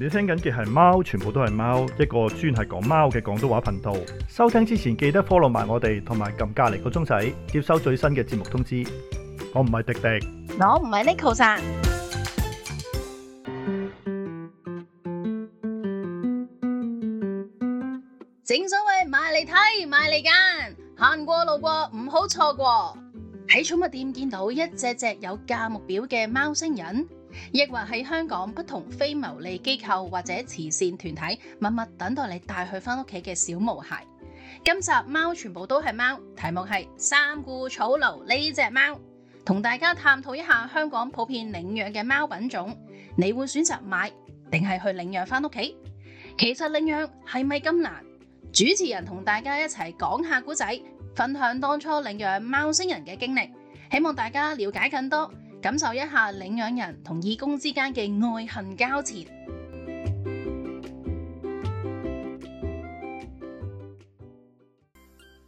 你聽緊嘅係貓，全部都係貓，一個專係講貓嘅廣東話頻道。收聽之前記得 follow 埋我哋，同埋撳隔籬個鐘仔，接收最新嘅節目通知。我唔係迪迪，我唔係 Neko Ching。正所謂買嚟睇，買嚟揀，行過路過唔好錯過。喺寵物店見到一隻只有價目表嘅貓星人。亦或喺香港不同非牟利機構或者慈善團體，默默等待你帶去翻屋企嘅小毛孩。今集貓全部都係貓，題目係三顧草廬呢隻貓，同大家探討一下香港普遍領養嘅貓品種，你會選擇買定係去領養翻屋企？其實領養係咪咁難？主持人同大家一齊講一下故仔，分享當初領養貓星人嘅經歷，希望大家了解更多。感受一下領養人同義工之間嘅愛恨交纏。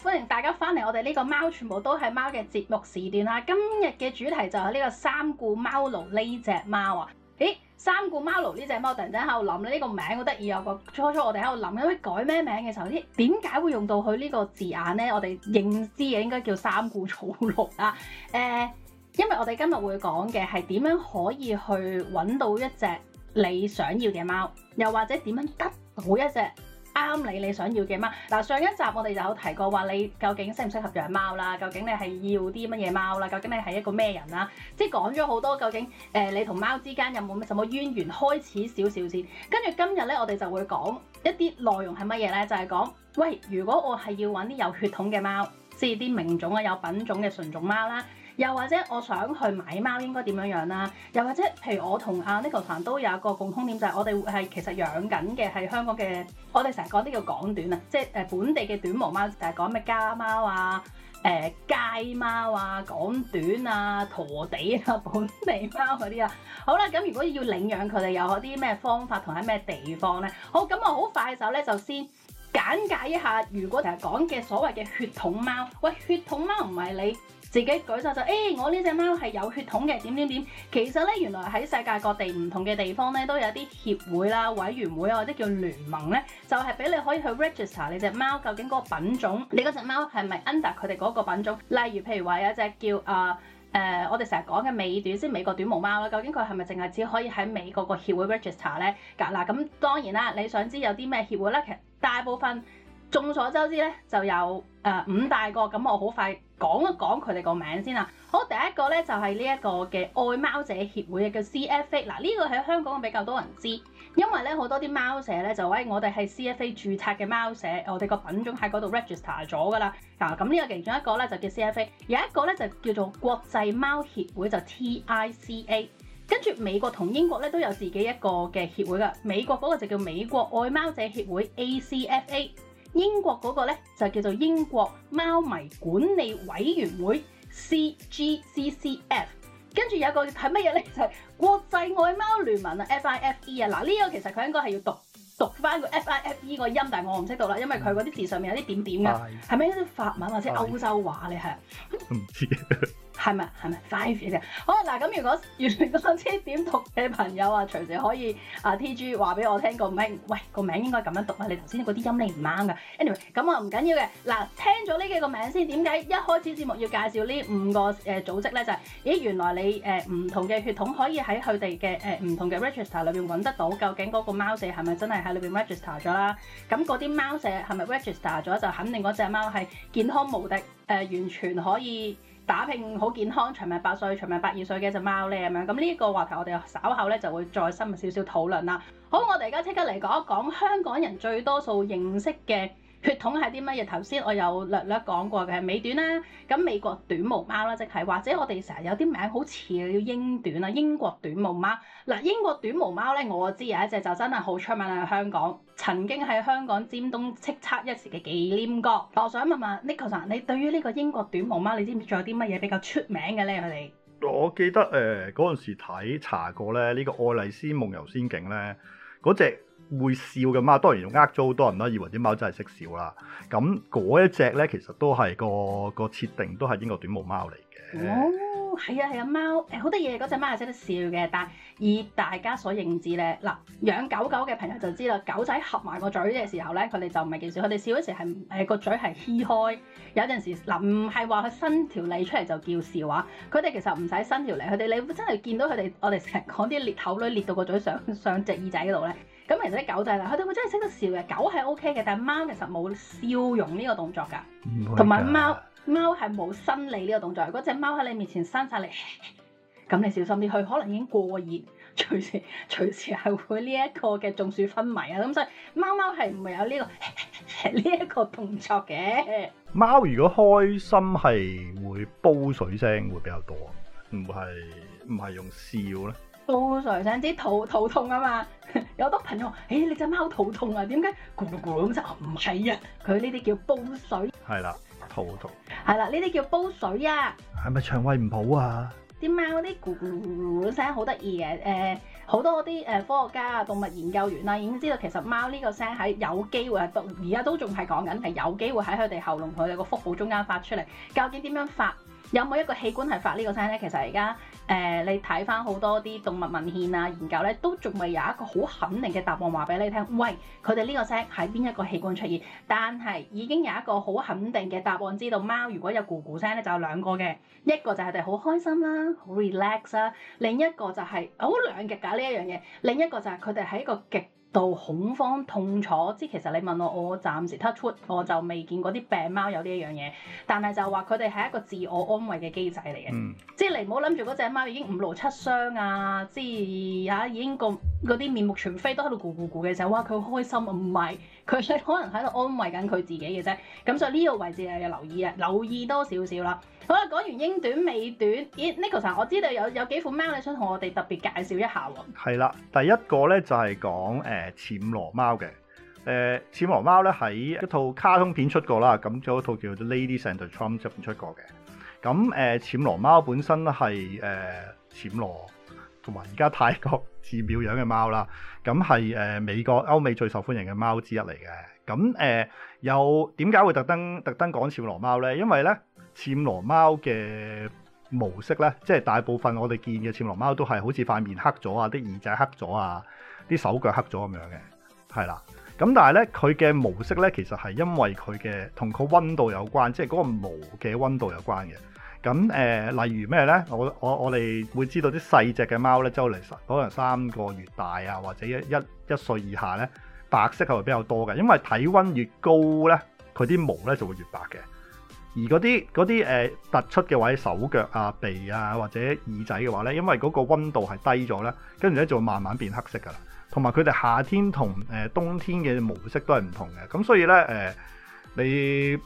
歡迎大家翻嚟我哋呢個貓全部都係貓嘅節目時段啦。今日嘅主題就係呢個三顧貓蘆呢隻貓啊！誒，三顧貓蘆呢隻貓突然間喺度諗咧，呢、呢個名好得意啊！個初初我哋喺度諗，因為改咩名嘅時候先，點解會用到佢呢個字眼呢？我哋認知嘅應該叫三顧草廬啊。誒、呃。因為我哋今日會講嘅係點樣可以去揾到一隻你想要嘅貓，又或者點樣得到一隻啱你你想要嘅貓。嗱，上一集我哋就有提過話，你究竟適唔適合養貓啦？究竟你係要啲乜嘢貓啦？究竟你係一個咩人啦？即係講咗好多，究竟誒你同貓之間有冇乜什麼淵源？開始少少先，跟住今日呢，我哋就會講一啲內容係乜嘢呢？就係講，喂，如果我係要揾啲有血統嘅貓，即係啲名種啊，有品種嘅純種貓啦。又或者我想去買貓應該點樣樣啦？又或者譬如我同阿 Nicko 凡都有一個共通點就係、是、我哋係其實養緊嘅係香港嘅，我哋成日講呢叫港短啊，即係誒本地嘅短毛貓，就係講咩家貓啊、誒、呃、街貓啊、港短啊、陀地啊、本地貓嗰啲啊。好啦，咁如果要領養佢哋有啲咩方法同喺咩地方咧？好，咁我好快手時咧就先簡介一下，如果成日講嘅所謂嘅血統貓，喂，血統貓唔係你。自己舉手就，誒、欸，我呢隻貓係有血統嘅，點點點。其實咧，原來喺世界各地唔同嘅地方咧，都有啲協會啦、委員會啊或者叫聯盟咧，就係、是、俾你可以去 register 你隻貓，究竟嗰個品種，你嗰隻貓係咪 under 佢哋嗰個品種？例如譬如話有一隻叫啊誒、呃，我哋成日講嘅美短，即係美國短毛貓啦，究竟佢係咪淨係只可以喺美國個協會 register 咧？嗱，咁當然啦，你想知有啲咩協會咧，其實大部分。眾所周知咧，就有誒、呃、五大個咁，我好快講一講佢哋個名先啦。好，第一個咧就係呢一個嘅愛貓者協會叫 C F A。嗱，呢個喺香港比較多人知，因為咧好多啲貓舍咧就誒，我哋係 C F A 註冊嘅貓舍，我哋個品種喺嗰度 register 咗噶啦。嗱，咁呢個其中一個咧就叫 C F A，有一個咧就叫做國際貓協會，就 T I C A。跟住美國同英國咧都有自己一個嘅協會噶。美國嗰個就叫美國愛貓者協會 A C F A。英國嗰個咧就叫做英國貓迷管理委員會 C G C C F，跟住有一個係乜嘢咧就係、是、國際外貓聯盟啊 F I F E 啊嗱呢個其實佢應該係要讀讀返個 F I F E 個音，但係我唔識讀啦，因為佢嗰啲字上面有啲點點嘅，係咪啲法文或者歐洲話咧係唔知。 係咪係咪 five 嘅？好嗱，咁如果原如果知點讀嘅朋友啊，隨時可以啊 TG 話俾我聽個名。喂，個名應該咁樣讀啊！你頭先嗰啲音唸唔啱㗎。Anyway，咁啊唔緊要嘅。嗱，聽咗呢幾個名先，點解一開始節目要介紹呢五個誒、呃、組織咧？就係、是，咦、呃，原來你誒唔、呃、同嘅血統可以喺佢哋嘅誒唔同嘅 register 裏邊揾得到。究竟嗰個貓舍係咪真係喺裏邊 register 咗啦？咁嗰啲貓舍係咪 register 咗？就肯定嗰隻貓係健康無敵，誒、呃呃、完全可以。打拼好健康，長命百歲，長命百二歲嘅一隻貓呢，咁樣，咁呢個話題我哋稍後呢就會再深入少少討論啦。好，我哋而家即刻嚟講一講香港人最多數認識嘅。血統係啲乜嘢？頭先我有略略講過嘅係美短啦，咁美國短毛貓啦，即係或者我哋成日有啲名好似叫英短啊，英國短毛貓。嗱，英國短毛貓咧，我知有一隻就真係好出名喺香港，曾經喺香港尖東叱咤一時嘅忌廉哥。我想問問 Nicholas，你對於呢個英國短毛貓，你知唔知仲有啲乜嘢比較出名嘅咧？佢哋？我記得誒嗰陣時睇查過咧，呢個愛麗絲夢遊仙境咧嗰隻，會笑嘅貓，當然要呃咗好多人啦。以為啲貓真係識笑啦。咁嗰一隻咧，其實都係個個設定都係英國短毛貓嚟嘅。哦，係啊係啊，貓誒好多嘢嗰隻貓係識得笑嘅，但係以大家所認知咧，嗱養狗狗嘅朋友就知啦，狗仔合埋個嘴嘅時候咧，佢哋就唔係幾笑，佢哋笑嗰時係誒個嘴係掀開。有陣時嗱唔係話佢伸條脷出嚟就叫笑啊。佢哋其實唔使伸條脷，佢哋你會真係見到佢哋，我哋成日講啲裂口女裂到個嘴上上隻耳仔嗰度咧。咁其實啲狗仔啦，佢哋會真係識得笑嘅。狗係 OK 嘅，但係貓其實冇笑容呢個動作㗎。同埋的貓貓係冇伸脷呢個動作。如果隻貓喺你面前伸晒脷，咁 你小心啲，佢可能已經過熱，隨時隨時係會呢一個嘅中暑昏迷啊！咁所以貓貓係冇有呢、呢個呢一 個動作嘅。貓如果開心係會煲水聲會比較多，唔係唔係用笑咧。煲水，想知肚肚痛啊嘛？ 有好多朋友，話、誒、欸，你隻貓肚痛啊？點解咕嚕咕嚕咁就唔係啊，佢呢啲叫煲水。係啦，肚痛。係啦，呢啲叫煲水啊。係咪腸胃唔好啊？啲貓啲咕咕咕咕聲好得意嘅，誒、呃，好多啲誒科學家啊、動物研究員啦、啊，已經知道其實貓呢個聲喺有機會係都而家都仲係講緊，係有機會喺佢哋喉嚨佢哋個腹部中間發出嚟。究竟點樣發？有冇一個器官係發個聲呢個聲咧？其實而家。誒、呃，你睇翻好多啲動物文獻啊，研究咧都仲未有一個好肯定嘅答案話俾你聽。喂，佢哋呢個聲喺邊一個器官出現？但係已經有一個好肯定嘅答案，知道貓如果有咕咕聲咧，就有兩個嘅，一個就係佢哋好開心啦、啊，好 relax 啦、啊；另一個就係、是、好、哦、兩極㗎呢一樣嘢，另一個就係佢哋喺一個極。到恐慌痛楚，即係其實你問我，我暫時 touch o 我就未見過啲病貓有呢一樣嘢。但係就話佢哋係一個自我安慰嘅機制嚟嘅，嗯、即係唔好諗住嗰隻貓已經五六七傷啊，即係嚇已經咁。嗰啲面目全非都喺度咕咕咕嘅時候，哇！佢好開心啊！唔係，佢係可能喺度安慰緊佢自己嘅啫。咁在呢個位置啊，要留意啊，留意多少少啦。好啦，講完英短美短，咦、欸、Nicholas，我知道有有幾款貓你想同我哋特別介紹一下喎？係啦，第一個咧就係、是、講誒暹、呃、羅貓嘅。誒、呃、暹羅貓咧喺一套卡通片出過啦，咁仲有一套叫《Lady and the Tramp》出過嘅。咁誒暹羅貓本身係誒暹羅同埋而家泰國。獅表養嘅貓啦，咁係誒美國歐美最受歡迎嘅貓之一嚟嘅。咁誒又點解會特登特登講暹羅貓呢？因為呢，暹羅貓嘅毛色呢，即係大部分我哋見嘅暹羅貓都係好似塊面黑咗啊，啲耳仔黑咗啊，啲手腳黑咗咁樣嘅，係啦。咁但係呢，佢嘅毛色呢，其實係因為佢嘅同個溫度有關，即係嗰個毛嘅溫度有關嘅。咁誒、呃，例如咩咧？我我我哋會知道啲細隻嘅貓咧，即係嚟三可能三個月大啊，或者一一一歲以下咧，白色係會比較多嘅，因為體温越高咧，佢啲毛咧就會越白嘅。而嗰啲啲誒突出嘅位，手腳啊、鼻啊或者耳仔嘅話咧，因為嗰個温度係低咗咧，跟住咧就會慢慢變黑色噶啦。同埋佢哋夏天同誒冬天嘅模式都係唔同嘅。咁所以咧誒、呃，你。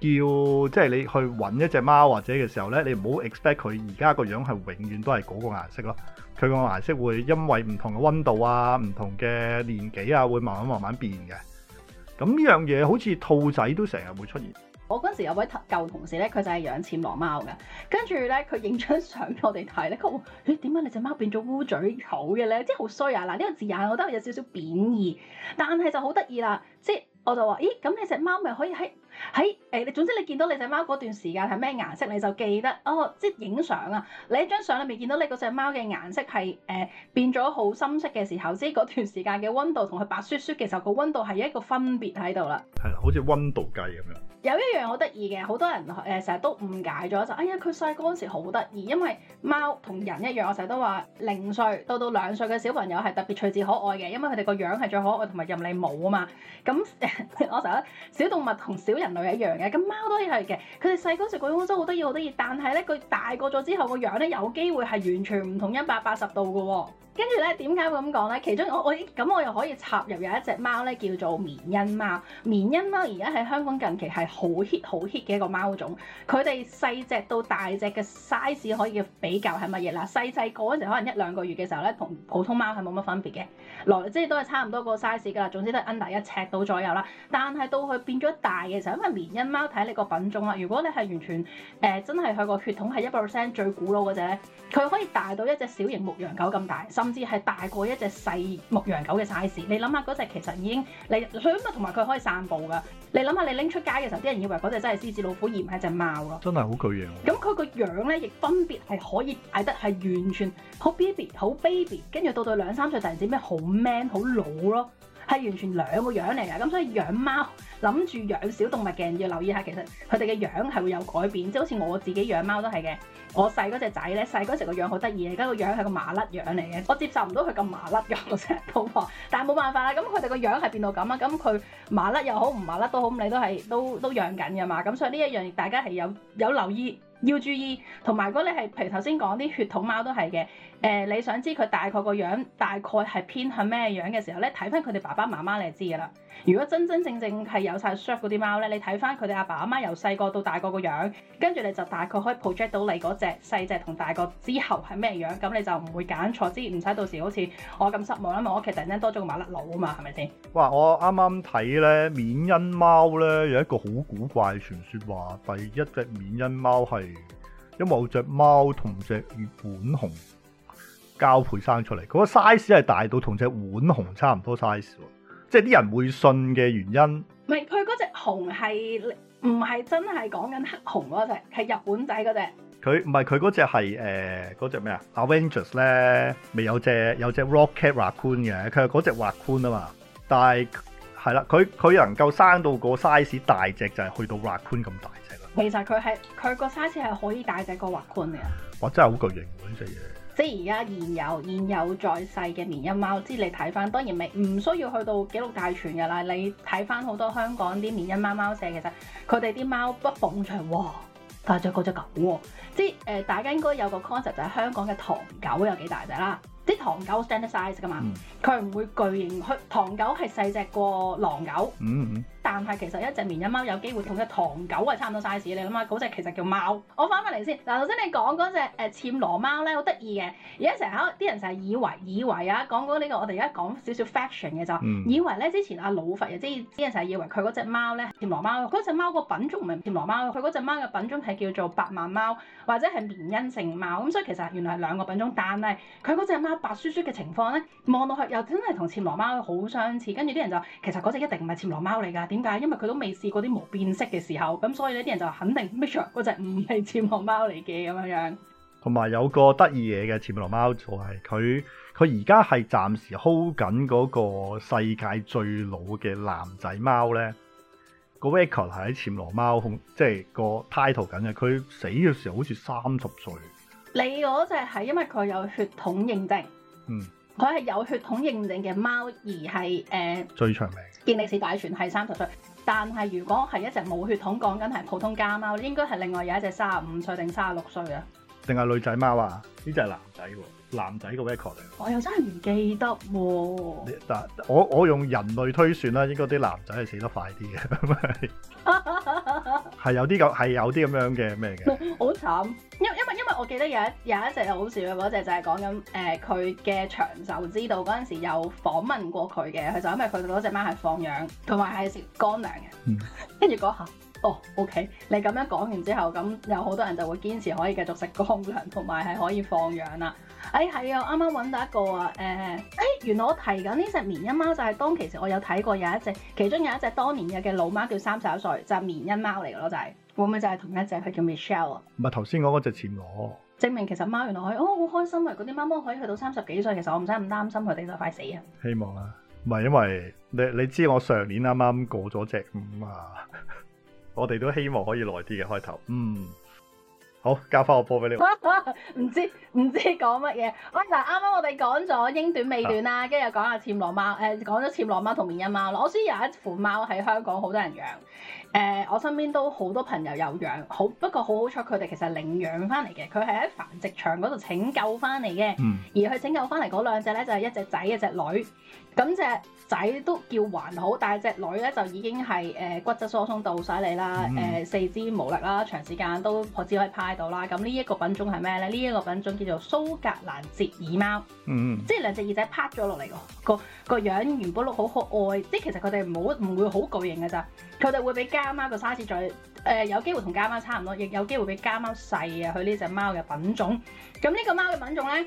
叫即係你去揾一隻貓或者嘅時候呢，你唔好 expect 佢而家個樣係永遠都係嗰個顏色咯。佢個顏色會因為唔同嘅温度啊、唔同嘅年紀啊，會慢慢慢慢變嘅。咁呢樣嘢好似兔仔都成日會出現。我嗰陣時有位舊同事呢，佢就係養暹羅貓嘅，跟住呢，佢影張相俾我哋睇呢，佢話：咦點解你隻貓變咗烏嘴狗嘅呢？即係好衰啊！嗱呢個字眼我都有少少貶義，但係就好得意啦。即係我就話：咦咁你隻貓咪可以喺？喺誒，你、hey，總之你見到你隻貓嗰段時間係咩顏色，你就記得哦。即係影相啊，你一張相裏面見到你嗰隻貓嘅顏色係誒、呃、變咗好深色嘅時候，即係嗰段時間嘅温度同佢白雪雪嘅時候，個温度係一個分別喺度啦。係啊，好似温度計咁樣。有一樣好得意嘅，好多人誒成日都誤解咗就，哎呀佢細個嗰時好得意，因為貓同人一樣，我成日都話零歲到到兩歲嘅小朋友係特別趣緻可愛嘅，因為佢哋個樣係最可愛同埋任你摸啊嘛。咁我成日小動物同小人。女一樣嘅，咁貓都係嘅，佢哋細個食嗰種貓好得意，好得意，但係咧佢大個咗之後個樣咧有機會係完全唔同，一百八十度嘅、哦。跟住咧，點解會咁講咧？其中我我咁我又可以插入有一隻貓咧，叫做緬因貓。緬因貓而家喺香港近期係好 hit 好 hit 嘅一個貓種。佢哋細隻到大隻嘅 size 可以比較係乜嘢啦？細細個嗰陣可能一兩個月嘅時候咧，同普通貓係冇乜分別嘅。來即係都係差唔多個 size 噶啦。總之都係 under 一尺到左右啦。但係到佢變咗大嘅時候，因為緬因貓睇你個品種啦。如果你係完全誒、呃、真係佢個血統係一百 percent 最古老嗰隻咧，佢可以大到一隻小型牧羊狗咁大。甚至係大過一隻細牧羊狗嘅 size，你諗下嗰隻其實已經嚟，咁啊同埋佢可以散步噶。你諗下你拎出街嘅時候，啲人以為嗰隻真係獅子老虎而隻貓，而唔係隻貓咯。真係好巨型！咁佢個樣咧，亦分別係可以矮得係完全好 baby、好 baby，跟住到到兩三歲，突然之間咩好 man、好老咯。係完全兩個樣嚟㗎，咁所以養貓，諗住養小動物嘅人要留意下，其實佢哋嘅樣係會有改變，即係好似我自己養貓都係嘅。我細嗰隻仔咧，細嗰時個樣好得意嘅，而家個樣係個麻甩樣嚟嘅，我接受唔到佢咁麻甩嘅，我成日都話，但係冇辦法啦。咁佢哋個樣係變到咁啊，咁佢麻甩又好，唔麻甩都好，咁你都係都都養緊㗎嘛。咁所以呢一樣大家係有有留意。要注意，同埋如果你係，譬如頭先講啲血統貓都係嘅，誒、呃、你想知佢大概個樣，大概係偏向咩樣嘅時候咧，睇翻佢哋爸爸媽媽你就知㗎啦。如果真真正正係有晒 shot 嗰啲貓咧，你睇翻佢哋阿爸阿媽由細個到大個個樣，跟住你就大概可以 project 到你嗰隻細隻同大個之後係咩樣，咁你就唔會揀錯，之唔使到時好似我咁失望啊嘛！我屋企突然間多咗個麻甩佬啊嘛，係咪先？哇！我啱啱睇咧，緬因貓咧有一個好古怪傳説話，第一隻緬因貓係因為有隻貓同隻浣熊交配生出嚟，嗰個 size 係大到同隻浣熊差唔多 size 即係啲人會信嘅原因，唔係佢嗰隻熊係唔係真係講緊黑熊嗰隻，係日本仔嗰隻。佢唔係佢嗰隻係誒嗰隻咩啊？Avengers 咧未有隻有隻 Rocket 滑軛嘅，佢係嗰隻滑軛啊嘛。但係係啦，佢佢能夠生到個 size 大隻就係去到滑軛咁大隻啦。其實佢係佢個 size 係可以大隻過滑軛嘅。哇！真係好巨型、啊，呢得嘢。即係而家現有現有在世嘅緬因貓，即你睇翻，當然未唔需要去到記錄大全嘅啦。你睇翻好多香港啲緬因貓貓社，其實佢哋啲貓不逢長，哇，大隻過隻狗，啊。即係誒，大家應該有個 concept 就係、是、香港嘅唐狗有幾大隻啦。啲唐狗 standard size 嘅嘛，佢唔、嗯、會巨型。佢唐狗係細隻過狼狗。嗯，嗯嗯。但係其實一隻緬因貓有機會同一唐狗係差唔多 size 你噶嘛，嗰隻其實叫貓。我翻返嚟先，嗱頭先你講嗰隻誒暹羅貓咧，好得意嘅。而家成日啲人成日以為以為啊，講講呢個我哋而家講少少 fashion 嘅就，嗯、以為咧之前阿、啊、老佛爺即係啲人成日以為佢嗰隻貓咧，暹羅貓。嗰隻貓個品種唔係暹羅貓，佢嗰隻貓嘅品種係叫做伯曼貓或者係緬甸聖貓。咁所以其實原來係兩個品種，但係佢嗰隻貓白雪雪嘅情況咧，望落去又真係同暹羅貓好相似。跟住啲人就其實嗰隻一定唔係暹羅貓嚟㗎。點解？因為佢都未試過啲毛變色嘅時候，咁所以呢啲人就肯定，make sure 嗰隻唔係暹羅貓嚟嘅咁樣樣。同埋有個得意嘢嘅暹羅貓就係佢，佢而家係暫時 hold 緊嗰個世界最老嘅男仔貓咧。個 record 係喺暹羅貓控，即係個 title 緊嘅。佢死嘅時候好似三十歲。你嗰隻係因為佢有血統認定。嗯。佢係有血統認證嘅貓，而係誒、呃、最長命，健力士大全係三十歲。但係如果係一隻冇血統，講緊係普通家貓，應該係另外有一隻三十五歲定三十六歲啊？定係女仔貓啊？呢隻係男仔喎、啊，男仔嘅 record 嚟。我又真係唔記得喎、啊。但我我用人類推算啦，應該啲男仔係死得快啲嘅，係 有啲咁係有啲咁樣嘅咩嘅？好慘，因 因為。因為我記得有一有一隻好笑嘅，嗰隻就係講緊誒、佢嘅長壽之道嗰陣時有訪問過佢嘅，佢就因為佢嗰隻貓係放養，同埋係食乾糧嘅，嗯，跟住講下。哦，OK，你咁樣講完之後，咁有好多人就會堅持可以繼續食乾糧，同埋係可以放養啦。誒、哎，係啊，啱啱揾到一個啊，誒、呃，誒、哎，原來我提緊呢隻緬因貓就係、是、當其實我有睇過有一隻，其中有一隻當年嘅嘅老貓叫三十一歲，就係、是、緬因貓嚟嘅咯，就係、是、會唔會就係同一隻？佢叫 Michelle 啊，唔係頭先我嗰隻飼鵝，證明其實貓原來可以哦，好開心啊！嗰啲貓貓可以去到三十幾歲，其實我唔使咁擔心佢哋就快死啊。希望啊，唔係因為你你知我上年啱啱過咗隻咁啊。我哋都希望可以耐啲嘅開頭，嗯，好，交翻個波俾你。唔 知唔知講乜嘢？嗱、哎，啱啱我哋講咗英短美短啦，跟住又講下暹羅貓，誒，講咗暹羅貓同緬因貓咯。我知有一副貓喺香港好多人養，誒、呃，我身邊都好多朋友有養，好不過好好彩，佢哋其實領養翻嚟嘅，佢係喺繁殖場嗰度拯救翻嚟嘅，嗯、而佢拯救翻嚟嗰兩隻咧就係、是、一隻仔一隻女。咁隻仔都叫還好，但係隻女咧就已經係誒、呃、骨質疏鬆到犀利啦，誒、嗯呃、四肢無力啦，長時間都只可，可以趴喺度啦。咁呢一個品種係咩咧？呢、這、一個品種叫做蘇格蘭折耳貓。嗯，即係兩隻耳仔趴咗落嚟，個個個樣原本 look 好可愛，即係其實佢哋冇唔會好巨型㗎咋，佢哋會比家貓個 size 再誒有機會同家貓差唔多，亦有機會比家貓細啊。佢呢隻貓嘅品種，咁呢個貓嘅品種咧。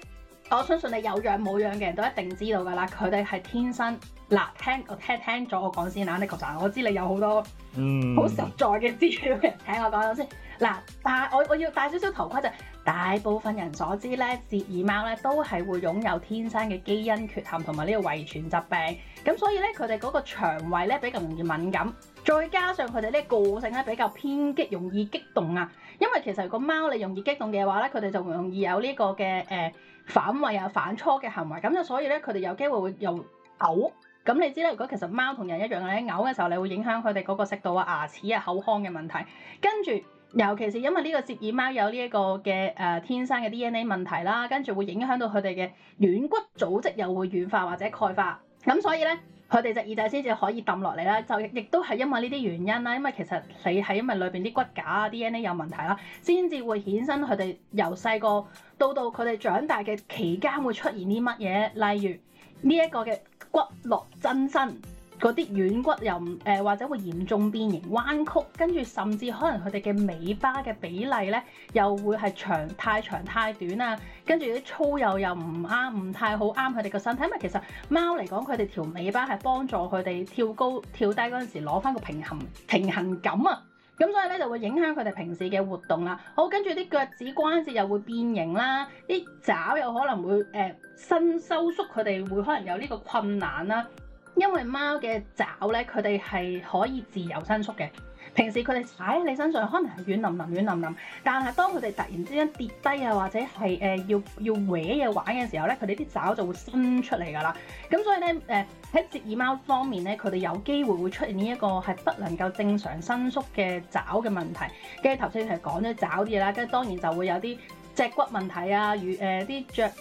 我相信你有養冇養嘅人都一定知道㗎啦。佢哋係天生嗱，聽，聽，聽，聽我聽聽咗我講先啦，你確實我知你有好多好實在嘅資料嘅。嗯、聽我講咗先嗱，但係我我要戴少少頭盔就大部分人所知咧，折耳貓咧都係會擁有天生嘅基因缺陷同埋呢個遺傳疾病咁，所以咧佢哋嗰個腸胃咧比較容易敏感，再加上佢哋呢個性咧比較偏激，容易激動啊。因為其實個貓你容易激動嘅話咧，佢哋就容易有呢、這個嘅誒。呃反胃啊、反芻嘅行為，咁就所以咧，佢哋有機會會又嘔。咁你知啦，如果其實貓同人一樣咧，嘔嘅時候你會影響佢哋嗰個食道啊、牙齒啊、口腔嘅問題。跟住，尤其是因為呢個折耳貓有呢一個嘅誒、呃、天生嘅 DNA 問題啦，跟住會影響到佢哋嘅軟骨組織又會軟化或者鈣化。咁所以咧。佢哋隻耳仔先至可以揼落嚟啦，就亦都係因為呢啲原因啦。因為其實你係因為裏邊啲骨架啊 DNA 有問題啦，先至會衍生佢哋由細個到到佢哋長大嘅期間會出現啲乜嘢，例如呢一、這個嘅骨骼增生。嗰啲軟骨又唔、呃、或者會嚴重變形彎曲，跟住甚至可能佢哋嘅尾巴嘅比例咧，又會係長太長太短啊，跟住啲粗幼又唔啱，唔太好啱佢哋個身體，因為其實貓嚟講，佢哋條尾巴係幫助佢哋跳高跳低嗰陣時攞翻個平衡平衡感啊，咁所以咧就會影響佢哋平時嘅活動啦、啊。好，跟住啲腳趾關節又會變形啦、啊，啲爪又可能會誒伸、呃、收縮，佢哋會可能有呢個困難啦、啊。因為貓嘅爪咧，佢哋係可以自由伸縮嘅。平時佢哋踩喺你身上，可能係軟腍腍、軟腍腍，但係當佢哋突然之間跌低啊，或者係誒要要搲嘢玩嘅時候咧，佢哋啲爪就會伸出嚟㗎啦。咁所以咧，誒喺折耳貓方面咧，佢哋有機會會出現呢一個係不能夠正常伸縮嘅爪嘅問題。跟住頭先係講咗爪啲嘢啦，跟住當然就會有啲脊骨問題啊，如誒啲雀。呃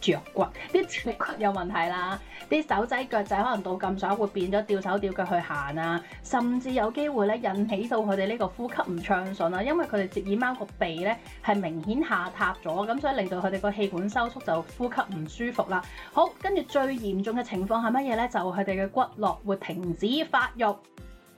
脊骨啲，脊骨有問題啦！啲手仔腳仔可能到咁上下會變咗吊手吊腳去行啊，甚至有機會咧引起到佢哋呢個呼吸唔暢順啊，因為佢哋折耳貓個鼻咧係明顯下塌咗，咁所以令到佢哋個氣管收縮就呼吸唔舒服啦。好，跟住最嚴重嘅情況係乜嘢咧？就佢哋嘅骨骼會停止發育。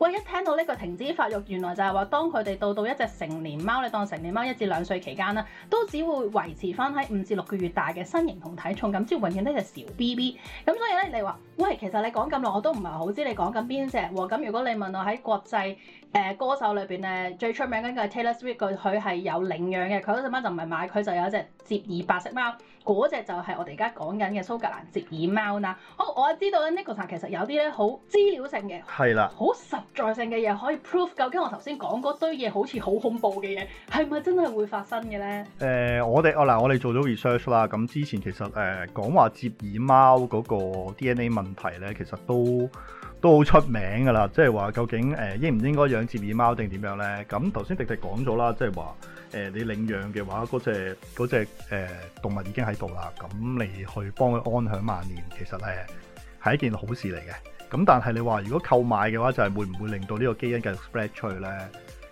喂，一聽到呢個停止發育，原來就係話當佢哋到到一隻成年貓，你當成年貓一至兩歲期間咧，都只會維持翻喺五至六個月大嘅身形同體重，咁即係永遠一隻小 B B。咁所以咧，你話喂，其實你講咁耐我都唔係好知你講緊邊隻喎？咁如果你問我喺國際，誒歌手裏邊咧最出名嗰個係 Taylor Swift，佢佢係有領養嘅，佢嗰隻貓就唔係買，佢就有一隻折耳白色貓，嗰隻就係我哋而家講緊嘅蘇格蘭折耳貓啦。好，我知道咧 Nicholas 其實有啲咧好資料性嘅，係啦的，好實在性嘅嘢可以 proof 究竟我頭先講嗰堆嘢好似好恐怖嘅嘢係咪真係會發生嘅咧？誒、呃，我哋、呃、我嗱我哋做咗 research 啦，咁之前其實誒講、呃、話折耳貓嗰個 DNA 問題咧，其實都，都好出名㗎啦，即係話究竟誒、呃、應唔應該養折耳貓定點樣咧？咁頭先迪迪講咗啦，即係話誒你領養嘅話，嗰隻嗰隻誒動物已經喺度啦，咁、嗯、你去幫佢安享晚年，其實誒係、呃、一件好事嚟嘅。咁、嗯、但係你話如果購買嘅話，就係、是、會唔會令到呢個基因繼續 spread 出去咧？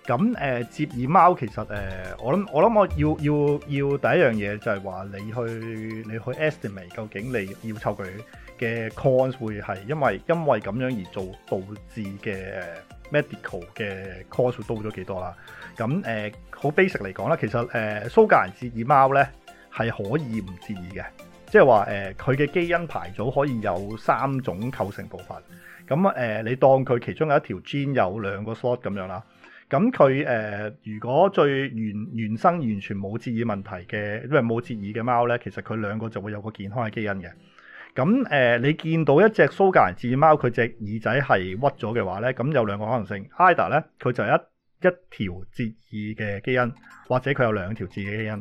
咁誒折耳貓其實誒、呃、我諗我諗我要要要，要第一樣嘢就係、是、話你去你去，去 estimate 究竟你要湊佢嘅 cost 會係因為因為咁樣而做導致嘅 medical 嘅 cost 多咗幾多啦？咁誒好 basic 嚟講啦，其實誒、呃、蘇格蘭折耳貓咧係可以唔折耳嘅，即係話誒佢嘅基因排組可以有三種構成部分。咁誒、呃、你當佢其中有一條 gene 有兩個 slot 咁樣啦。咁佢誒如果最原原生完全冇折耳問題嘅，因為冇折耳嘅貓咧，其實佢兩個就會有個健康嘅基因嘅。咁誒、呃，你見到一隻蘇格蘭折耳貓佢隻耳仔係屈咗嘅話咧，咁有兩個可能性。Ada 咧，佢就係一一條折耳嘅基因，或者佢有兩條折耳嘅基因。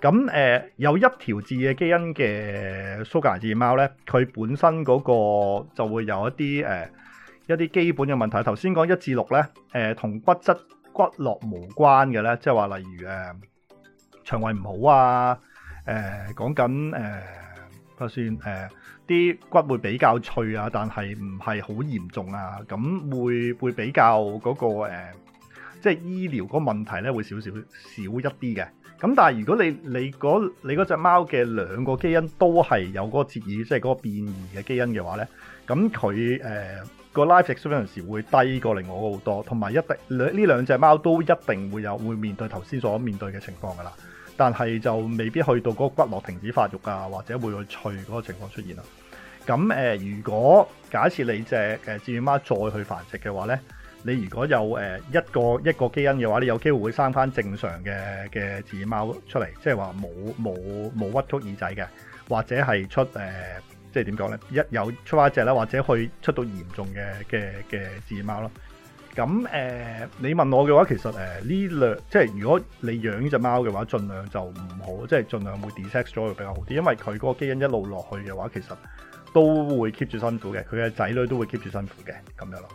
咁誒、呃，有一條折耳嘅基因嘅蘇格蘭折耳貓咧，佢本身嗰個就會有一啲誒、呃、一啲基本嘅問題。頭先講一至六咧，誒、呃、同骨質骨骼無關嘅咧，即係話例如誒、呃、腸胃唔好啊，誒、呃、講緊誒，呃就算誒啲、呃、骨會比較脆啊，但係唔係好嚴重啊？咁會會比較嗰、嗰個、呃、即係醫療嗰個問題咧會少少少一啲嘅。咁但係如果你你嗰你、你嗰隻貓嘅兩個基因都係有嗰個折耳，即係嗰個變異嘅基因嘅話咧，咁佢誒個 life expectancy 會低過另外嗰個好多，同埋一定兩呢兩隻貓都一定會有會面對頭先所面對嘅情況噶啦。但係就未必去到嗰個骨骼停止發育啊，或者會去脆嗰個情況出現啦。咁誒、呃，如果假設你隻誒摺耳貓再去繁殖嘅話呢，你如果有誒一個一個基因嘅話，你有機會會生翻正常嘅嘅摺耳貓出嚟，即係話冇冇冇屈曲耳仔嘅，或者係出誒、呃、即係點講呢？一有出翻一隻啦，或者去出到嚴重嘅嘅嘅摺耳貓咯。咁誒、呃，你問我嘅話，其實誒呢兩，即係如果你養隻貓嘅話，儘量就唔好，即係儘量會 desex 咗會比較好啲，因為佢嗰個基因一路落去嘅話，其實都會 keep 住辛苦嘅，佢嘅仔女都會 keep 住辛苦嘅，咁樣咯。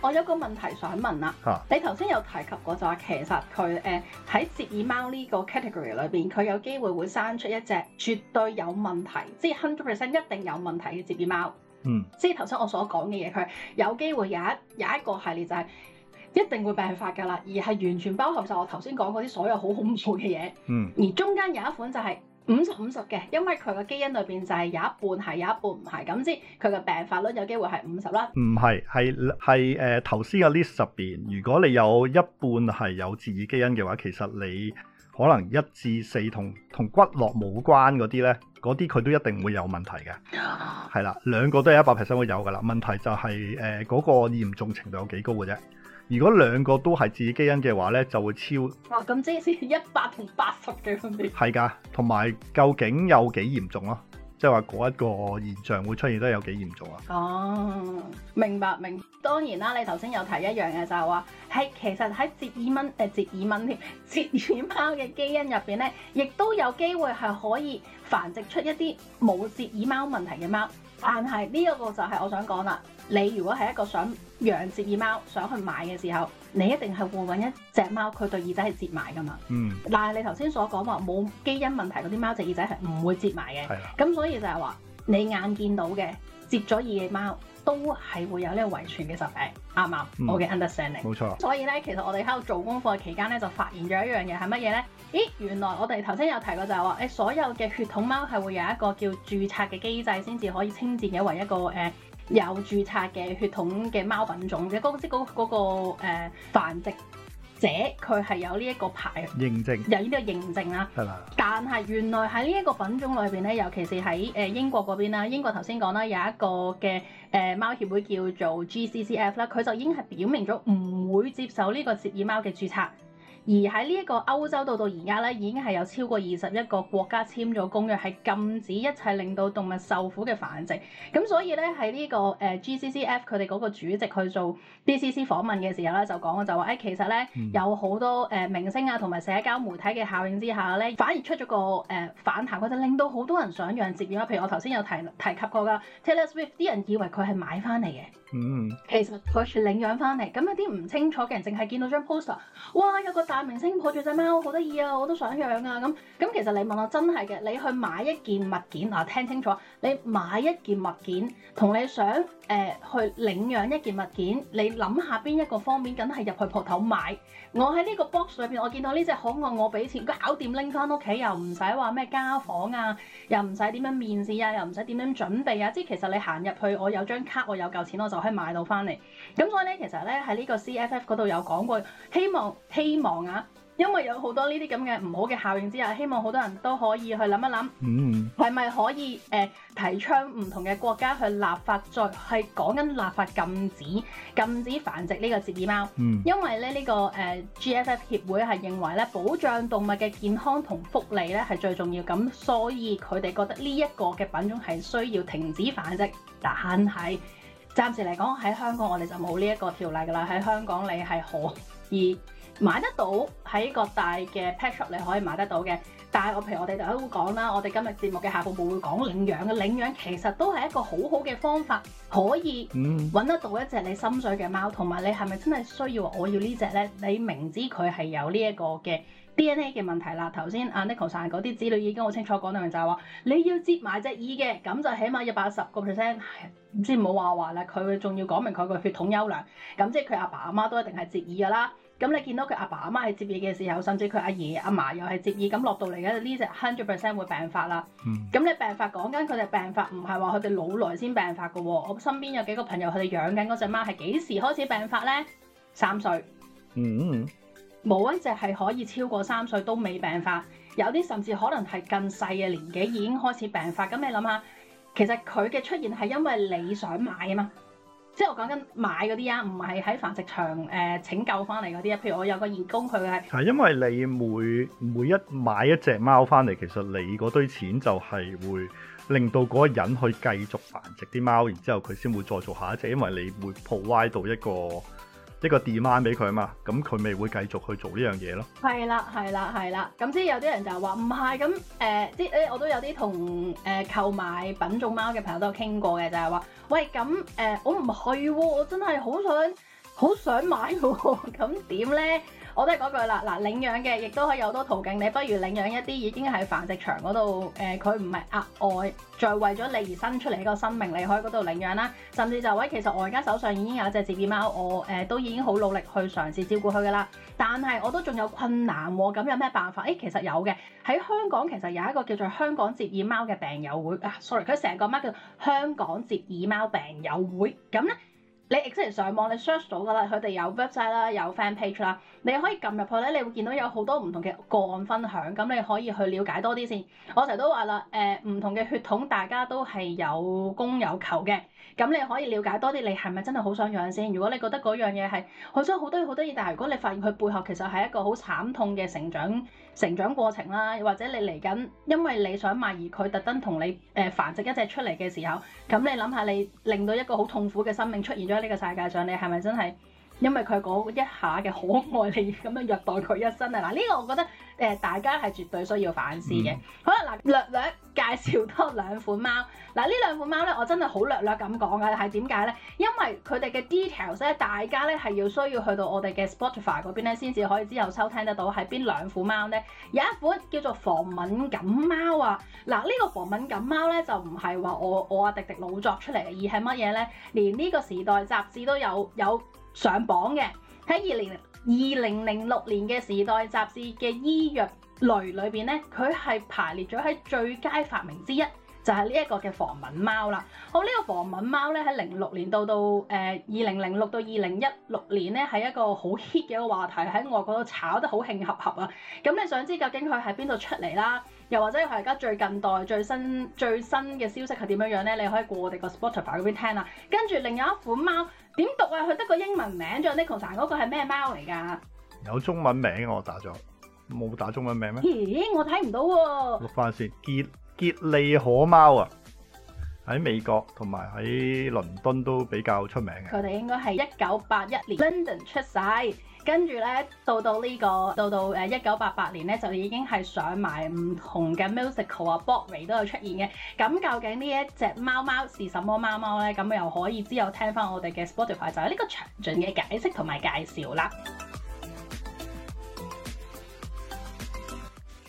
我有個問題想問啊，你頭先有提及過，就話其實佢誒喺折耳貓呢個 category 裏邊，佢有機會會生出一隻絕對有問題，即係 hundred percent 一定有問題嘅折耳貓。嗯，即係頭先我所講嘅嘢，佢有機會有一有一個系列就係一定會病發噶啦，而係完全包含晒我頭先講嗰啲所有好恐怖嘅嘢。嗯，而中間有一款就係五十五十嘅，因為佢個基因裏邊就係有一半係有一半唔係，咁即佢嘅病發率有機會係五十啦。唔係，係係誒，頭先嘅 list 入邊，如果你有一半係有自己基因嘅話，其實你。可能一至四同同骨骼冇關嗰啲呢，嗰啲佢都一定會有問題嘅，係啦， 兩個都係一百 percent 會有噶啦。問題就係誒嗰個嚴重程度有幾高嘅啫。如果兩個都係自己基因嘅話呢，就會超。哇！咁即係一百同八十嘅分別。係㗎，同埋究竟有幾嚴重咯？即係話嗰一個現象會出現得有幾嚴重啊？哦，明白明白，當然啦。你頭先有提一樣嘅就係話，喺其實喺折耳蚊誒折耳蚊添折耳貓嘅基因入邊咧，亦都有機會係可以繁殖出一啲冇折耳貓問題嘅貓。但係呢一個就係我想講啦，你如果係一個想養折耳貓想去買嘅時候。你一定係會揾一隻貓，佢對耳仔係折埋㗎嘛？嗯。但係你頭先所講話冇基因問題嗰啲貓隻耳仔係唔會折埋嘅。咁、嗯、所以就係話，你眼見到嘅折咗耳嘅貓，都係會有呢個遺傳嘅疾病，啱唔啱？我嘅，Understanding。冇錯、嗯。錯所以呢，其實我哋喺度做功課期間呢，就發現咗一樣嘢係乜嘢呢？咦，原來我哋頭先有提過就係話，你所有嘅血統貓係會有一個叫註冊嘅機制，先至可以稱之為一個誒。呃呃呃呃有註冊嘅血統嘅貓品種嘅公司嗰個、嗰個嗰個呃、繁殖者，佢係有呢一個牌認證，有呢個認證啦。係啦吧。但係原來喺呢一個品種裏邊咧，尤其是喺誒英國嗰邊啦，英國頭先講啦，有一個嘅誒貓協會叫做 G C C F 啦，佢就已經係表明咗唔會接受呢個折耳貓嘅註冊。而喺呢一個歐洲到到而家咧，已經係有超過二十一個國家簽咗公約，係禁止一切令到動物受苦嘅繁殖。咁所以咧，喺呢個誒 GCCF 佢哋嗰個主席去做 DCC 訪問嘅時候咧，就講就話誒、哎，其實咧、嗯、有好多誒、呃、明星啊，同埋社交媒體嘅效應之下咧，反而出咗個誒、呃、反彈，佢就令到好多人想養摺耳。譬如我頭先有提提及過噶 Taylor Swift，啲人以為佢係買翻嚟嘅。嗯，嗯其實佢去領養翻嚟，咁有啲唔清楚嘅人，淨係見到張 poster，哇，有個大明星抱住隻貓，好得意啊，我都想養啊，咁，咁其實你問我真係嘅，你去買一件物件，我聽清楚，你買一件物件，同你想誒、呃、去領養一件物件，你諗下邊一個方面，梗係入去鋪頭買。我喺呢個 box 裏邊，我見到呢隻可愛，我俾錢，佢搞掂拎翻屋企，又唔使話咩家訪啊，又唔使點樣面試啊，又唔使點樣準備啊，即係其實你行入去，我有張卡，我有嚿錢，我就可以買到翻嚟。咁所以咧，其實咧喺呢個 CFF 嗰度有講過，希望希望啊。因為有多這這好多呢啲咁嘅唔好嘅效應之下，希望好多人都可以去諗一諗，係咪、mm hmm. 可以誒、呃、提倡唔同嘅國家去立法，再係講緊立法禁止禁止繁殖呢個折耳貓。Mm hmm. 因為咧呢、呢個誒、呃、GFF 協會係認為咧保障動物嘅健康同福利咧係最重要，咁所以佢哋覺得呢一個嘅品種係需要停止繁殖。但係暫時嚟講喺香港我，我哋就冇呢一個條例噶啦。喺香港你係可以。買得到喺各大嘅 pet shop 你可以買得到嘅，但係我譬如我哋大家都講啦，我哋今日節目嘅下部分會講領養嘅領養其實都係一個好好嘅方法，可以揾得到一隻你心水嘅貓，同埋你係咪真係需要我要隻呢隻咧？你明知佢係有呢一個嘅 D N A 嘅問題啦。頭先阿 Nicholas 嗰啲子女已經好清楚講明就係、是、話你要接買只耳嘅，咁就起碼一百十個 percent 唔知唔好話話啦。佢仲要講明佢個血統優良，咁即係佢阿爸阿媽都一定係摺耳㗎啦。咁你見到佢阿爸阿媽係折耳嘅時候，甚至佢阿爺阿嫲又係折耳，咁落到嚟嘅呢隻 hundred percent 會病發啦。咁、嗯、你病發講緊佢哋病發，唔係話佢哋老來先病發嘅。我身邊有幾個朋友，佢哋養緊嗰隻貓係幾時開始病發咧？三歲。嗯，嗯，冇一隻係可以超過三歲都未病發，有啲甚至可能係更細嘅年紀已經開始病發。咁你諗下，其實佢嘅出現係因為你想買啊嘛。即係我講緊買嗰啲啊，唔係喺繁殖場誒、呃、拯救翻嚟嗰啲啊。譬如我有個義工佢係，係因為你每每一買一隻貓翻嚟，其實你嗰堆錢就係會令到嗰個人去繼續繁殖啲貓，然之後佢先會再做下一隻，因為你會破壞到一個。呢個 demand 俾佢啊嘛，咁佢咪會繼續去做呢樣嘢咯？係啦，係啦，係啦。咁即係有啲人就係話唔係咁誒，即係、呃、我都有啲同誒購買品種貓嘅朋友都有傾過嘅，就係、是、話：喂，咁誒、呃、我唔去喎，我真係好想好想買喎，咁點咧？我都係嗰句啦，嗱，領養嘅亦都可以有多途徑，你不如領養一啲已經喺繁殖場嗰度，誒，佢唔係額外再為咗你而生出嚟一個生命，你可以嗰度領養啦。甚至就喺、是、其實我而家手上已經有一隻折耳貓，我誒、呃、都已經好努力去嘗試照顧佢噶啦，但係我都仲有困難咁，有咩辦法？誒、欸、其實有嘅，喺香港，其實有一個叫做香港折耳貓嘅病友會。啊，sorry，佢成個乜叫香港折耳貓病友會？咁咧，你即係上網你 search 到噶啦，佢哋有 website 啦，有 fan page 啦。你可以撳入去咧，你會見到有好多唔同嘅個案分享，咁你可以去了解多啲先。我成日都話啦，誒、呃、唔同嘅血統，大家都係有供有求嘅，咁你可以了解多啲，你係咪真係好想養先？如果你覺得嗰樣嘢係好想好多好多嘢，但係如果你發現佢背後其實係一個好慘痛嘅成長成長過程啦，或者你嚟緊因為你想買而佢特登同你誒繁殖一隻出嚟嘅時候，咁你諗下你令到一個好痛苦嘅生命出現咗喺呢個世界上，你係咪真係？因為佢嗰一下嘅可愛，你咁樣虐待佢一生啊！嗱，呢個我覺得誒，大家係絕對需要反思嘅。嗯、好啦，嗱，略略介紹多兩款貓。嗱，呢兩款貓咧，我真係好略略咁講嘅，係點解咧？因為佢哋嘅 details 咧，大家咧係要需要去到我哋嘅 Spotify 嗰邊咧，先至可以之後收聽得到喺邊兩款貓咧。有一款叫做防敏感貓啊！嗱，呢個防敏感貓咧就唔係話我我阿迪迪老作出嚟嘅，而係乜嘢咧？連呢個時代雜誌都有有。上榜嘅喺二零二零零六年嘅時代雜誌嘅醫藥類裏邊咧，佢係排列咗喺最佳發明之一，就係、是哦這個、呢、呃、呢一個嘅防敏貓啦。好，呢個防敏貓咧，喺零六年到到誒二零零六到二零一六年咧，係一個好 hit 嘅一個話題，喺外國度炒得好興合合啊。咁你想知究竟佢喺邊度出嚟啦？又或者佢而家最近代最新最新嘅消息係點樣樣咧？你可以過我哋個 Spotify 嗰邊聽啦。跟住另一款貓點讀啊？佢得個英文名叫 Nicholson，但係嗰個係咩貓嚟㗎？有中文名我打咗，冇打中文名咩？咦，我睇唔到喎、啊。讀翻先，傑傑利可貓啊，喺美國同埋喺倫敦都比較出名嘅。佢哋應該係一九八一年 London 出世。跟住呢，到到呢、這個，到到誒一九八八年呢，就已經係上埋唔同嘅 musical 啊 Broadway 都有出現嘅。咁究竟呢一隻貓貓係什麼貓貓呢？咁又可以只有聽翻我哋嘅 Spotify 就係呢個詳盡嘅解釋同埋介紹啦。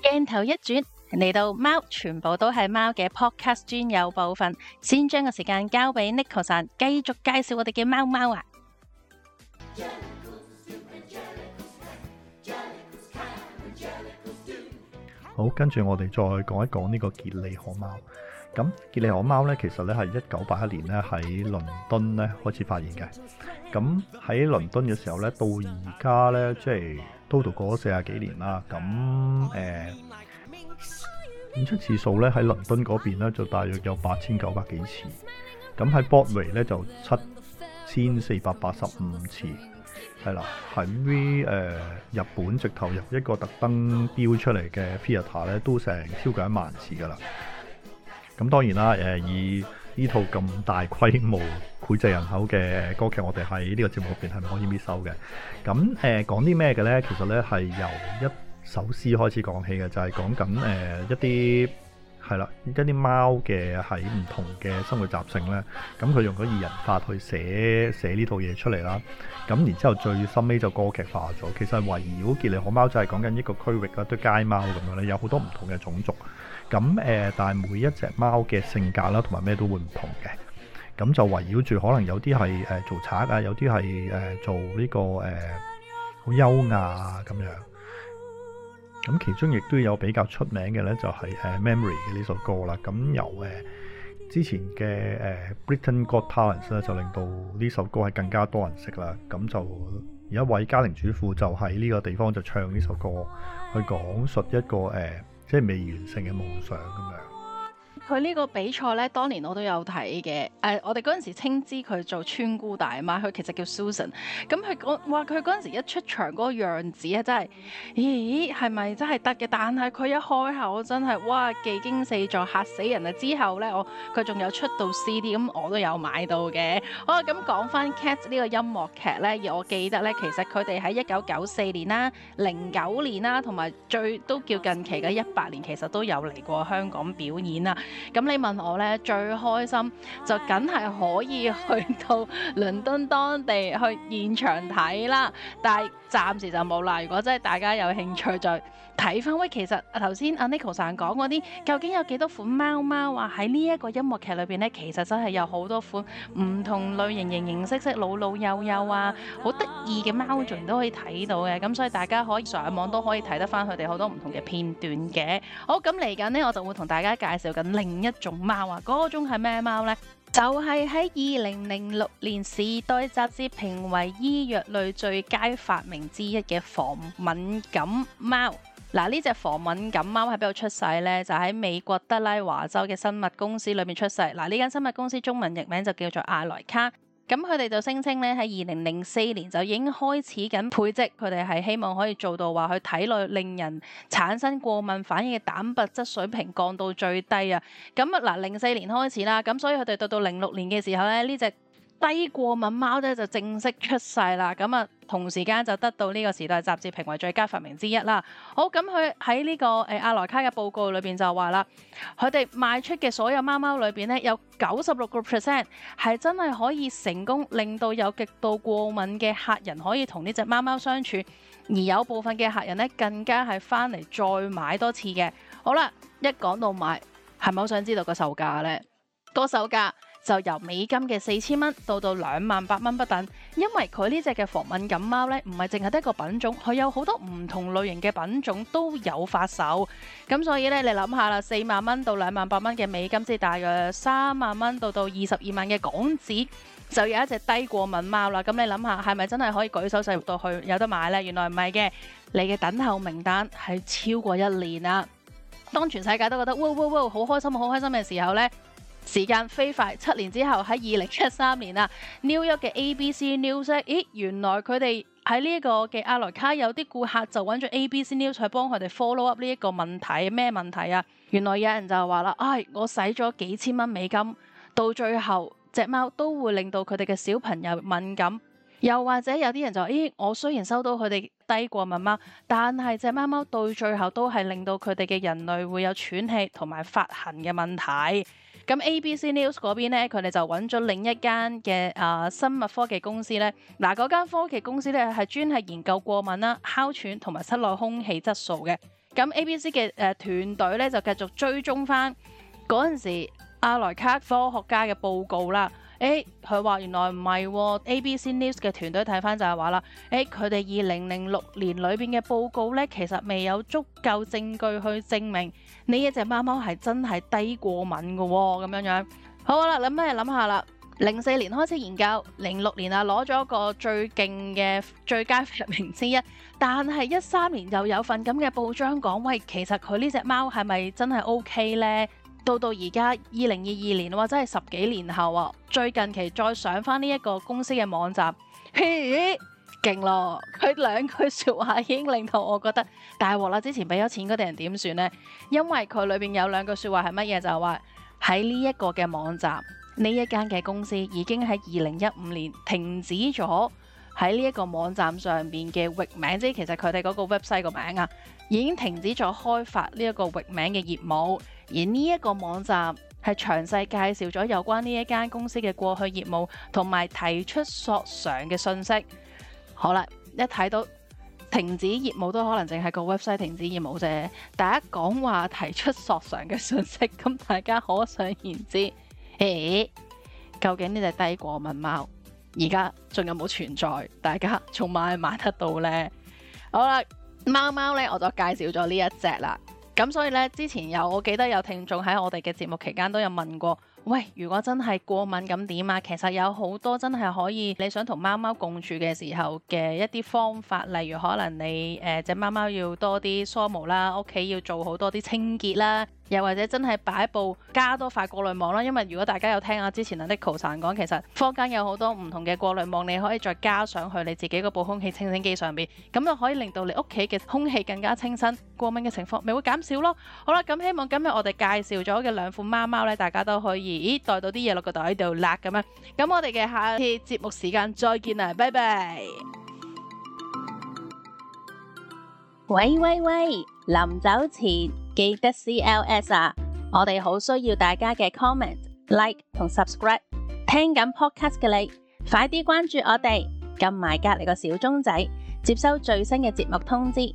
鏡頭一轉嚟到貓，全部都係貓嘅 podcast 專有部分。先將個時間交俾 Nicholas，繼續介紹我哋嘅貓貓啊！Yeah. 好，跟住我哋再講一講呢個傑利可貓。咁傑利可貓咧，其實咧係一九八一年咧喺倫敦咧開始發現嘅。咁喺倫敦嘅時候咧，到而家咧即係都度過四十幾年啦。咁誒，演、呃、出次數咧喺倫敦嗰邊咧就大約有八千九百幾次。咁喺 Broadway 咧就七千四百八十五次。係啦，喺誒、呃、日本直投入一個特登標出嚟嘅 Peter 咧，都成超過一萬次噶啦。咁當然啦，誒、呃、以呢套咁大規模、膾炙人口嘅歌劇，我哋喺呢個節目入邊係唔可以免收嘅。咁誒、呃、講啲咩嘅咧？其實咧係由一首詩開始講起嘅，就係、是、講緊誒、呃、一啲。係啦，而家啲貓嘅喺唔同嘅生活習性咧，咁佢用咗二人法去寫寫呢套嘢出嚟啦。咁然之後最深尾就歌劇化咗，其實圍繞傑利可貓就係講緊一個區域嗰堆街貓咁樣咧，有好多唔同嘅種族。咁誒、呃，但係每一隻貓嘅性格啦，同埋咩都會唔同嘅。咁就圍繞住可能有啲係誒做賊啊，有啲係誒做呢、呢個誒好、呃、優雅咁樣。咁其中亦都有比較出名嘅呢，就係誒《Memory》嘅呢首歌啦。咁由誒之前嘅誒《Britain Got Talent》咧，就令到呢首歌係更加多人識啦。咁就有一位家庭主婦就喺呢個地方就唱呢首歌，去講述一個誒即係未完成嘅夢想咁樣。佢呢個比賽咧，當年我都有睇嘅。誒、呃，我哋嗰陣時稱之佢做村姑大媽，佢其實叫 Susan。咁佢哇！佢嗰陣時一出場嗰個樣子啊，真係，咦？係咪真係得嘅？但係佢一開口，真係，哇！技驚四座，嚇死人啊！之後咧，我佢仲有出到 CD，咁我都有買到嘅。好，咁講翻 Cat 呢個音樂劇咧，而我記得咧，其實佢哋喺一九九四年啦、零九年啦，同埋最都叫近期嘅一八年，其實都有嚟過香港表演啊。咁你問我呢，最開心的就梗係可以去到倫敦當地去現場睇啦，但暫時就冇啦。如果真係大家有興趣，再睇翻喂，其實頭先阿 Neko 講嗰啲，究竟有幾多款貓貓啊？話喺呢一個音樂劇裏邊呢，其實真係有好多款唔同類型、形形色色、老老幼幼啊，好得意嘅貓種都可以睇到嘅。咁所以大家可以上網都可以睇得翻佢哋好多唔同嘅片段嘅。好，咁嚟緊呢，我就會同大家介紹緊另一種貓啊。嗰種係咩貓呢？就係喺二零零六年《時代》雜誌評為醫藥類最佳發明之一嘅防敏感貓。嗱，呢隻防敏感貓喺邊度出世呢？就喺、是、美國德拉華州嘅生物公司裏面出世。嗱，呢間生物公司中文譯名就叫做阿萊卡。咁佢哋就聲稱咧，喺二零零四年就已經開始緊培植，佢哋係希望可以做到話佢體內令人產生過敏反應嘅蛋白質水平降到最低啊。咁嗱，呃，零四年開始啦，咁所以佢哋到到零六年嘅時候呢，呢隻低過敏貓咧就正式出世啦，咁啊同時間就得到呢個時代雜誌評為最佳發明之一啦。好，咁佢喺呢個誒阿萊卡嘅報告裏邊就話啦，佢哋賣出嘅所有貓貓裏邊呢，有九十六個 percent 係真係可以成功令到有極度過敏嘅客人可以同呢隻貓貓相處，而有部分嘅客人呢更加係翻嚟再買多次嘅。好啦，一講到買，係咪好想知道個售價呢？個售價。就由美金嘅四千蚊到到兩萬八蚊不等，因為佢呢隻嘅防敏感貓呢，唔係淨係得一個品種，佢有好多唔同類型嘅品種都有發售。咁所以呢，你諗下啦，四萬蚊到兩萬八蚊嘅美金，即係大約三萬蚊到到二十二萬嘅港紙，就有一隻低過敏貓啦。咁你諗下，係咪真係可以舉手勢入到去有得買呢？原來唔係嘅，你嘅等候名單係超過一年啦。當全世界都覺得哇哇哇好開心，好開心嘅時候呢。時間飛快，七年之後喺二零一三年啊，New York 嘅 ABC News 咦，原來佢哋喺呢一個嘅阿萊卡有啲顧客就揾咗 ABC News 去幫佢哋 follow up 呢一個問題。咩問題啊？原來有人就話啦，唉、哎，我使咗幾千蚊美金，到最後隻貓都會令到佢哋嘅小朋友敏感，又或者有啲人就話，咦，我雖然收到佢哋低過敏貓，但係隻貓貓到最後都係令到佢哋嘅人類會有喘氣同埋發痕嘅問題。咁 ABC News 嗰邊咧，佢哋就揾咗另一間嘅啊、呃、生物科技公司咧，嗱，嗰間科技公司咧係專係研究過敏啦、哮喘同埋室內空氣質素嘅。咁 ABC 嘅誒、呃、團隊咧就繼續追蹤翻嗰陣時阿萊卡科學家嘅報告啦。誒，佢話原來唔係，ABC News 嘅團隊睇翻就係話啦，誒，佢哋二零零六年裏邊嘅報告咧，其實未有足夠證據去證明。呢隻貓貓係真係低過敏嘅喎、哦，咁樣樣好啦，諗咩諗下啦？零四年開始研究，零六年啊攞咗個最勁嘅最佳發明之一，但係一三年又有份咁嘅報章講，喂，其實佢呢隻貓係咪真係 O K 呢？到到而家二零二二年或者係十幾年後啊，最近期再上翻呢一個公司嘅網站，嘿。勁咯！佢兩句説話已經令到我覺得大鑊啦。之前俾咗錢嗰啲人點算呢？因為佢裏邊有兩句説話係乜嘢？就係話喺呢一個嘅網站，呢一間嘅公司已經喺二零一五年停止咗喺呢一個網站上邊嘅域名，即係其實佢哋嗰個 website 個名啊，已經停止咗開發呢一個域名嘅業務。而呢一個網站係詳細介紹咗有關呢一間公司嘅過去業務，同埋提出索償嘅信息。好啦，一睇到停止業務都可能淨係個 website 停止業務啫。大家講話提出索償嘅信息，咁大家可想而知。誒、欸，究竟呢隻低過敏貓而家仲有冇存在？大家仲買唔買得到呢？好啦，貓貓呢，我就介紹咗呢一隻啦。咁所以呢，之前有我記得有聽眾喺我哋嘅節目期間都有問過。喂，如果真係過敏咁點啊？其實有好多真係可以，你想同貓貓共處嘅時候嘅一啲方法，例如可能你誒隻、呃、貓貓要多啲梳毛啦，屋企要做好多啲清潔啦。又或者真係擺部加多塊過濾網啦，因為如果大家有聽啊，之前阿的 c k l l 講，其實坊間有好多唔同嘅過濾網，你可以再加上去你自己嗰部空氣清新機上面，咁又可以令到你屋企嘅空氣更加清新，過敏嘅情況咪會減少咯。好啦，咁希望今日我哋介紹咗嘅兩款貓貓呢，大家都可以咦袋到啲嘢落個袋度甩咁啊！咁我哋嘅下一次節目時間再見啊，拜拜！喂喂喂，臨走前。記得 CLS 啊！我哋好需要大家嘅 comment、like 同 subscribe。聽緊 podcast 嘅你，快啲關注我哋，撳埋隔離個小鐘仔，接收最新嘅節目通知。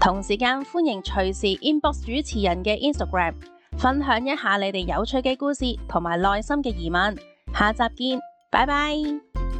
同時間，歡迎隨時 inbox 主持人嘅 Instagram，分享一下你哋有趣嘅故事同埋內心嘅疑問。下集見，拜拜。